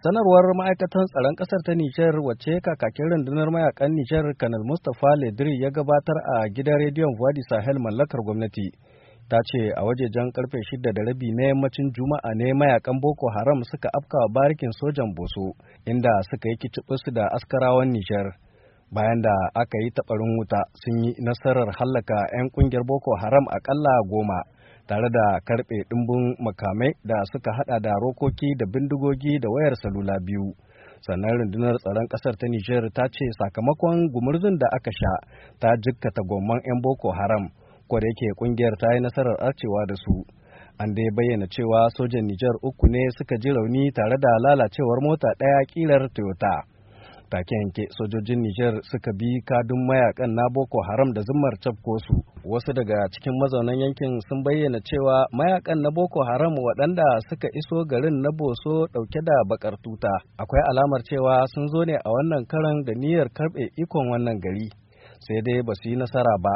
Sanarwar ma'aikatan tsaron ƙasar ta Nijar wacce kakakin rundunar mayakan Nijar Kanal Mustapha Ledri ya gabatar a gidan rediyon Wadi Sahel mallakar gwamnati. Ta ce a wajejen karfe shida da rabi na yammacin Juma'a ne mayakan Boko Haram suka afkawa barikin sojan Boso inda suka yi kicibinsu da askarawan Nijar. Bayan da aka yi taɓarin wuta sun yi nasarar hallaka 'yan ƙungiyar Boko Haram aƙalla goma. tare da karɓe dimbin makamai da suka hada da rokoki da bindigogi da wayar salula biyu. sannan rundunar tsaron kasar ta Nijar ta ce sakamakon gumurzun da aka sha ta jikkata gomman 'yan Boko Haram ko da yake kungiyar ta yi nasarar arcewa da su. An dai bayyana cewa sojan Nijar uku ne suka ji rauni tare da lalacewar mota ɗaya kilar Toyota. take-yanke sojojin Nijar suka bi kadun mayakan na Boko Haram da zummar cafko su. Wasu daga cikin mazaunan yankin sun bayyana cewa mayakan na Boko Haram waɗanda suka iso garin na Boso ɗauke da bakar tuta. Akwai alamar cewa sun zo ne a wannan karan da niyyar karɓe ikon wannan gari. Sai dai ba su yi nasara ba.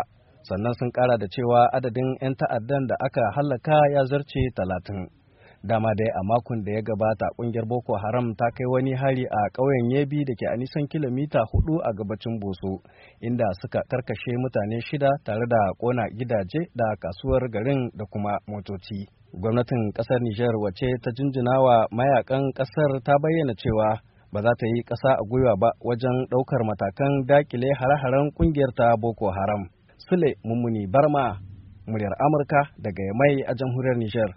Sannan sun ƙara da cewa adadin 'yan ta'addan da aka hallaka ya zarce talatin. dama dai a makon da ya gabata kungiyar boko haram ta kai wani hari a ƙauyen yebi dake a nisan kilomita hudu a gabacin boso inda suka karkashe mutane shida tare da kona gidaje da kasuwar garin da kuma motoci gwamnatin ƙasar niger wace ta jinjinawa wa mayakan kasar ta bayyana cewa ba za ta yi ƙasa a gwiwa ba wajen ɗaukar matakan dakile hare-haren kungiyar ta boko haram sule mummuni barma muryar amurka daga mai a jamhuriyar niger